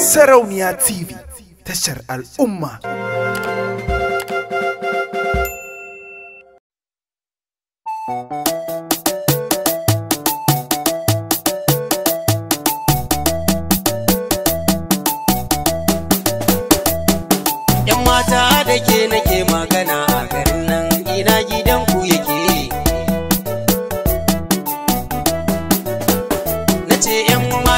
Sarauniya TV tashar al'umma. ‘Yan mata da ke nake magana a garin nan ina gidanku yake. Na ce ‘yan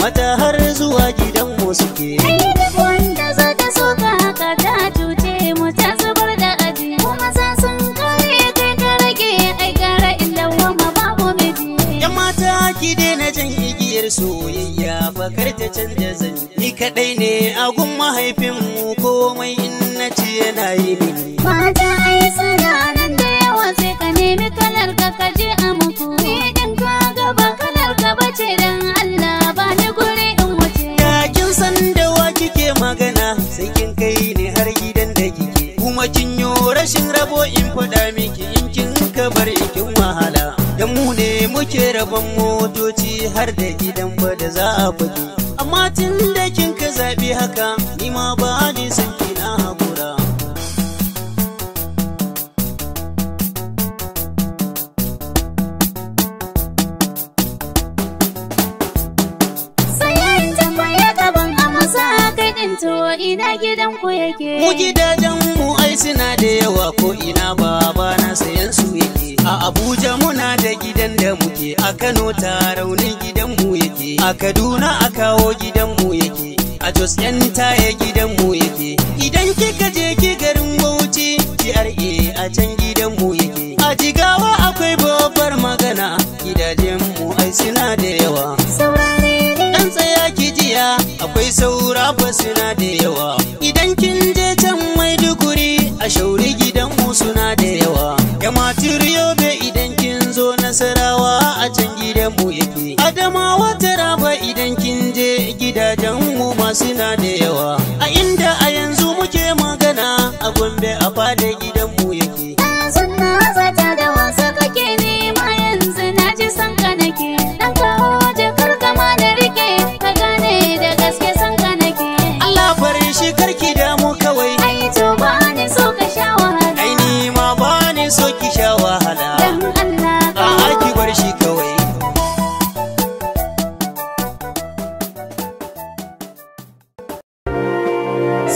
mata har zuwa gidanmu suke. Duk wanda za ta so ka haka ta cuce mu ta zubar da aji. Kuma za sun kare kai ka rage ai gara inda wama babu miji. Yan mata ki daina jan igiyar soyayya Bakar ta canja zanje. kaɗai ne agun mahaifinmu komai in na ce yana yi mini. Mata ai suna nan da yawa sai ka nemi kalar ka ka je a muku. Ni din ka gaba kalar ka bace dan Allah ba ni guri in wuce. kin san da wa kike magana sai kin kai ne har gidan da kike. Kuma kin yo rashin rabo in faɗa miki in kin ka bar ikin wahala. Dan mu ne muke rabon motoci har da gidan ba da za a bugi amma tun da kin ka zabi haka ni ma ba ni san kina hakura ina gidan ku yake mu gidajen mu ai suna da a Kano ta raunin gidanmu yake a Kaduna a kawo gidanmu yake a Jos yan taya gidanmu yake idan kika je ki garin Bauchi GRA a can gidanmu yake a Jigawa akwai babbar magana gidajenmu ai suna da yawa dan tsaya ki jiya akwai saura ba suna da yawa idan kin je can Maiduguri a shauri gidanmu suna da yawa ya matiriyo idan zo nasarawa a can gidanmu yake adamawa taraba idan kin je gidajenmu masu na da yawa a inda a yanzu muke magana a gombe a fadagi